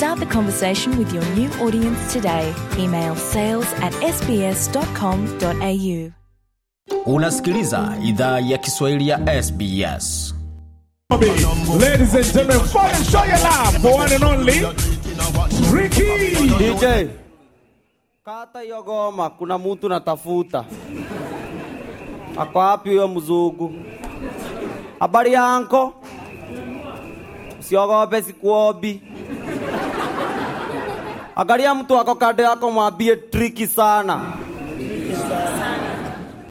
Start the conversation with your new audience today. Email sales at sbs.com.au. Unasikiliza idhaa ya Kiswahili ya SBS. Ladies and gentlemen, fire show your love for one and only Ricky DJ. Kata hiyo goma, kuna mtu natafuta. Ako wapi huyo mzugu? Habari yanko? Usiogope sikuobi. Angalia mtu ako kando yako, mwambie triki sana.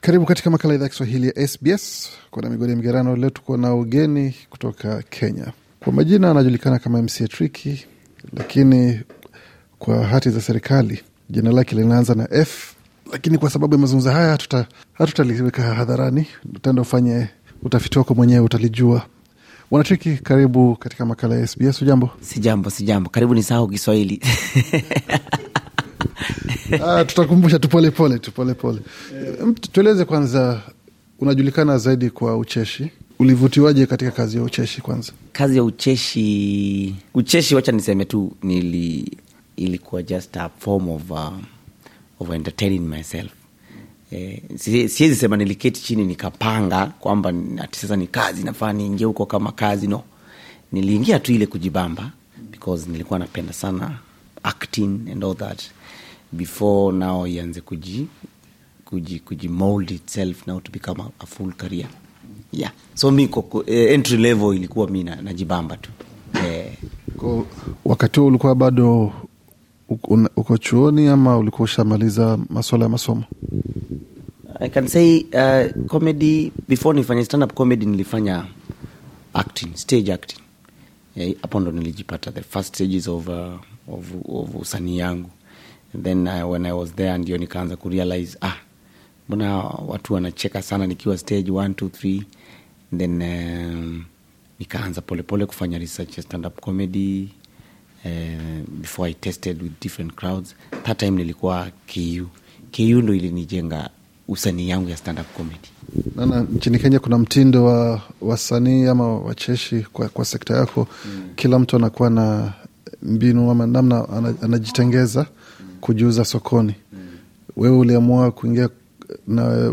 Karibu katika makala idhaa ya Kiswahili ya SBS. Kuna migodi ya migerano, leo tuko na ugeni kutoka Kenya. Kwa majina anajulikana kama MCA Triki, lakini kwa hati za serikali jina lake linaanza na F, lakini kwa sababu ya mazungumzo haya hatutaliweka hatuta hadharani. Utaenda ufanye utafiti wako mwenyewe, utalijua Wanachiki, karibu katika makala ya SBS. Ujambo? Si jambo, si jambo. Karibu ni sahau Kiswahili Ah, tutakumbusha tu polepole tu polepole. Yeah. Tueleze kwanza, unajulikana zaidi kwa ucheshi. Ulivutiwaje katika kazi ya ucheshi? Kwanza kazi ya ucheshi, ucheshi, wacha niseme tu nili, ilikuwa just a form of, uh, of entertaining myself E, siwezi sema niliketi chini nikapanga kwamba ati sasa ni kazi nafaa niingie huko kama kazi no niliingia tu ile kujibamba because nilikuwa napenda sana acting and all that before nao ianze kuji kuji kujimold itself now to become a, a full career yeah so mi eh, entry level ilikuwa mi najibamba tu eh. Kwa, wakati huo ulikuwa bado uko chuoni ama ulikuwa ushamaliza masuala ya masomo I can say uh, comedy before nifanye stand up comedy nilifanya acting, stage acting. Yeah, hapo ndo nilijipata the first stages of, uh, of, of usanii yangu and then uh, when I was there ndio nikaanza kurealize ah, mbona watu wanacheka sana nikiwa stage one, two, three then um, nikaanza polepole kufanya research ya stand up comedy uh, before I tested with different crowds that time nilikuwa KU KU ndo ilinijenga usanii yangu ya stand-up comedy. Nana, nchini Kenya kuna mtindo wa wasanii ama wacheshi kwa, kwa sekta yako mm. Kila mtu anakuwa na mbinu ama namna anajitengeza mm. kujiuza sokoni mm. Wewe uliamua kuingia na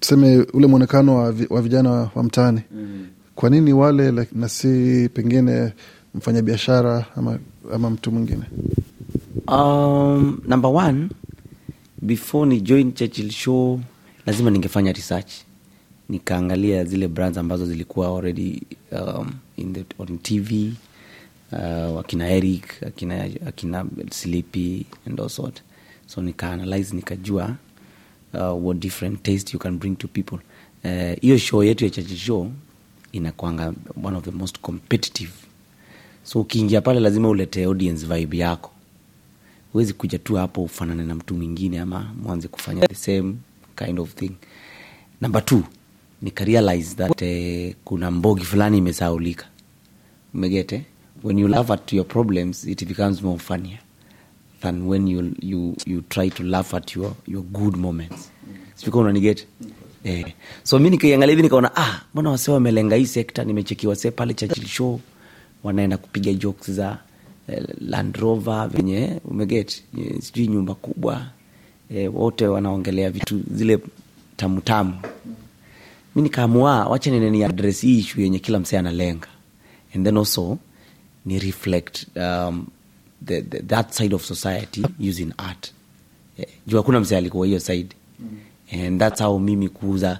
tuseme ule mwonekano wa, wa vijana wa mtaani mm. Kwa nini wale na si pengine mfanyabiashara ama, ama mtu mwingine? Um, number one before ni join Churchill show lazima ningefanya research nikaangalia zile brands ambazo zilikuwa already um, in the, on tv uh, akina eric akina, akina sleepy and all sort so nikaanalyze nikajua uh, what different taste you can bring to people uh, hiyo uh, show yetu ya chachi show inakwanga one of the most competitive so ukiingia pale lazima ulete audience vibe yako huwezi kuja tu hapo ufanane na mtu mwingine ama mwanze kufanya the same kind of thing namba t nikarealize that eh, kuna mbogi fulani imesaulika umegete when you laugh at your problems it becomes more funnier than when you, you, you try to laugh at your, your good moments sifika unanigete eh. so mi nikiangalia hivi nikaona ah mbona wasee wamelenga hii sekta nimechekiwa see pale chachil show wanaenda kupiga jokes za Land Rover venye umeget sijui nyumba kubwa e, wote wanaongelea vitu zile tamutamu. Mi nikaamua wache nene ni adres hii ishu yenye kila msee analenga and then also ni reflect um, the, the, that side of society using art e, Juu hakuna msee alikuwa hiyo side and that's how mimi kuuza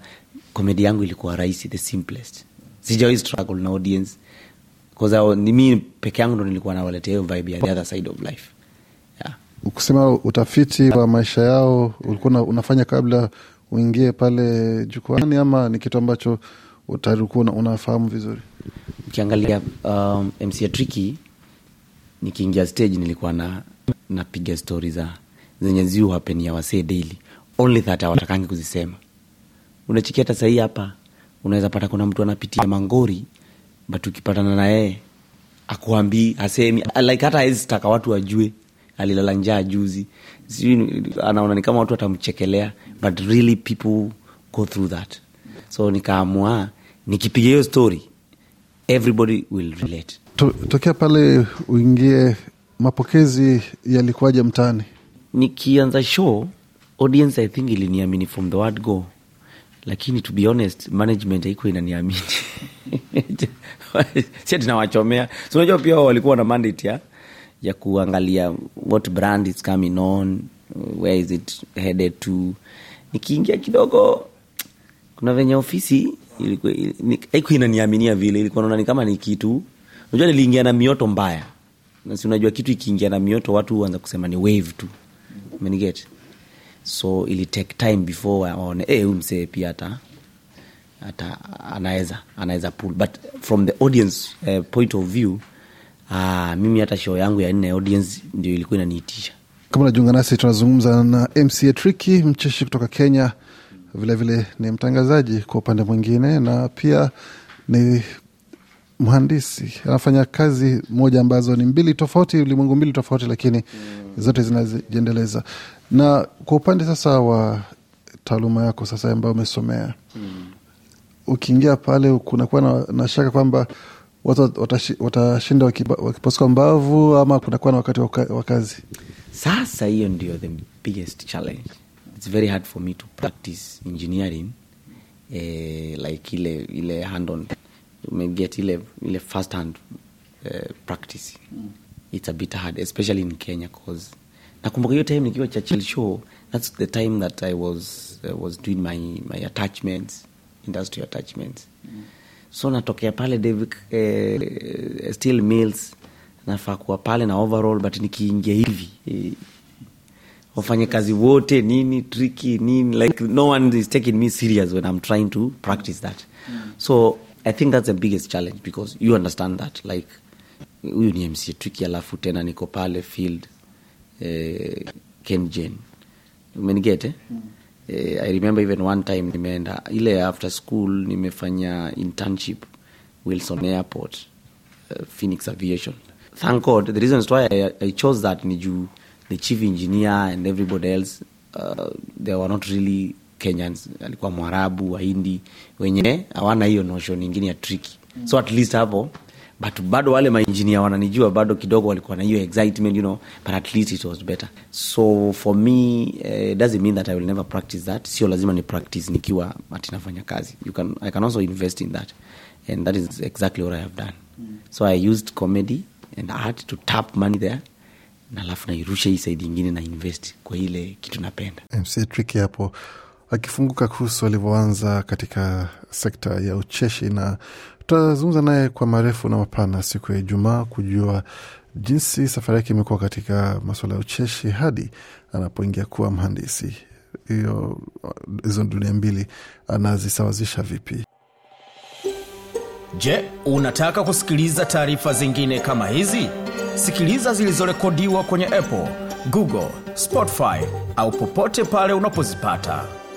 komedi yangu ilikuwa rahisi, the simplest. sijawai struggle na audience mi peke yangu ndo nilikuwa nawaletea hiyo vibe ya the other side of life yeah. Ukusema utafiti wa maisha yao ulikuwa unafanya kabla uingie pale jukwani, ama ni kitu ambacho tayari ukuwa unafahamu vizuri? Ukiangalia um, MC Tricky, nikiingia stage nilikuwa na napiga stori za zenye ziu hapenia wasee daily only that hawatakangi kuzisema. Unachikia hata sahii hapa unaweza pata kuna mtu anapitia mangori but ukipatana na yeye akuambii asemi like hata awezi taka watu wajue alilala njaa juzi anaona ni kama watu watamchekelea but really people go through that so nikaamua nikipiga hiyo story everybody will relate to, tokea pale uingie mapokezi yalikuwaje mtaani nikianza show audience i think iliniamini from the word go lakini to be honest management haiko inaniamini sia tunawachomea sinajua pia walikuwa na mandate ya ya kuangalia what brand is coming on where is it headed to nikiingia kidogo kuna venye ofisi haiku inaniaminia vile ilikuwa naona ni kama ni kitu unajua niliingia na mioto mbaya nasi unajua kitu ikiingia na mioto watu huanza kusema ni wave tu meniget mm-hmm so ili take time before aone hey, eh, huyu msee pia hata hata anaweza anaweza pull but from the audience uh, point of view uh, mimi hata show yangu ya nne audience ndio ilikuwa inaniitisha kama unajiunga nasi tunazungumza na mca triki mcheshi kutoka kenya vilevile vile ni mtangazaji kwa upande mwingine na pia ni mhandisi anafanya kazi moja ambazo ni mbili tofauti, ulimwengu mbili tofauti, lakini mm. zote zinajiendeleza. Na kwa upande sasa wa taaluma yako sasa ambayo umesomea mm. ukiingia pale kunakuwa na, na shaka kwamba watu watashinda wakiposuka mbavu ama kunakuwa na wakati wa kazi. Sasa hiyo ndio the biggest challenge. It's very hard for me to practice engineering eh, like ile ile hand on umeget ile, ile first hand uh, practice mm. It's a bit hard especially in Kenya cause nakumbuka hiyo time nikiwa Churchill show that's the time that I was, uh, was doing my, my attachments industrial attachments mm. so natokea pale David, uh, eh, steel mills nafaa kuwa pale na overall but nikiingia hivi eh, kazi wote nini tricky nini like no one is taking me serious when I'm trying to practice that mm. so I think that's the biggest challenge because you understand that like huyu ni MC Tricky alafu tena niko pale field eh, Kengen. Umenigete? Eh? Mm. Eh, I remember even one time nimeenda ile after school nimefanya internship Wilson Airport uh, Phoenix Aviation. Thank God the reasons why I, I chose that ni juu the chief engineer and everybody else uh, they were not really Kenyans, alikuwa Mwarabu, Wahindi wenyewe hawana hiyo notion ingine ya triki, so at least hapo but bado wale mainjinia wananijua bado kidogo walikuwa na hiyo excitement you know but at least it was better so for me uh, doesn't mean that i will never practice that sio lazima ni practice nikiwa ati nafanya kazi you can, i can also invest in that and that is exactly what i have done mm. so i used comedy and art to tap money there na alafu nairusha hii saidi ingine na invest kwa ile kitu napenda mc trick hapo akifunguka kuhusu alivyoanza katika sekta ya ucheshi, na tutazungumza naye kwa marefu na mapana siku ya Ijumaa kujua jinsi safari yake imekuwa katika masuala ya ucheshi hadi anapoingia kuwa mhandisi. Hiyo hizo dunia mbili anazisawazisha vipi? Je, unataka kusikiliza taarifa zingine kama hizi? Sikiliza zilizorekodiwa kwenye Apple, Google, Spotify au popote pale unapozipata.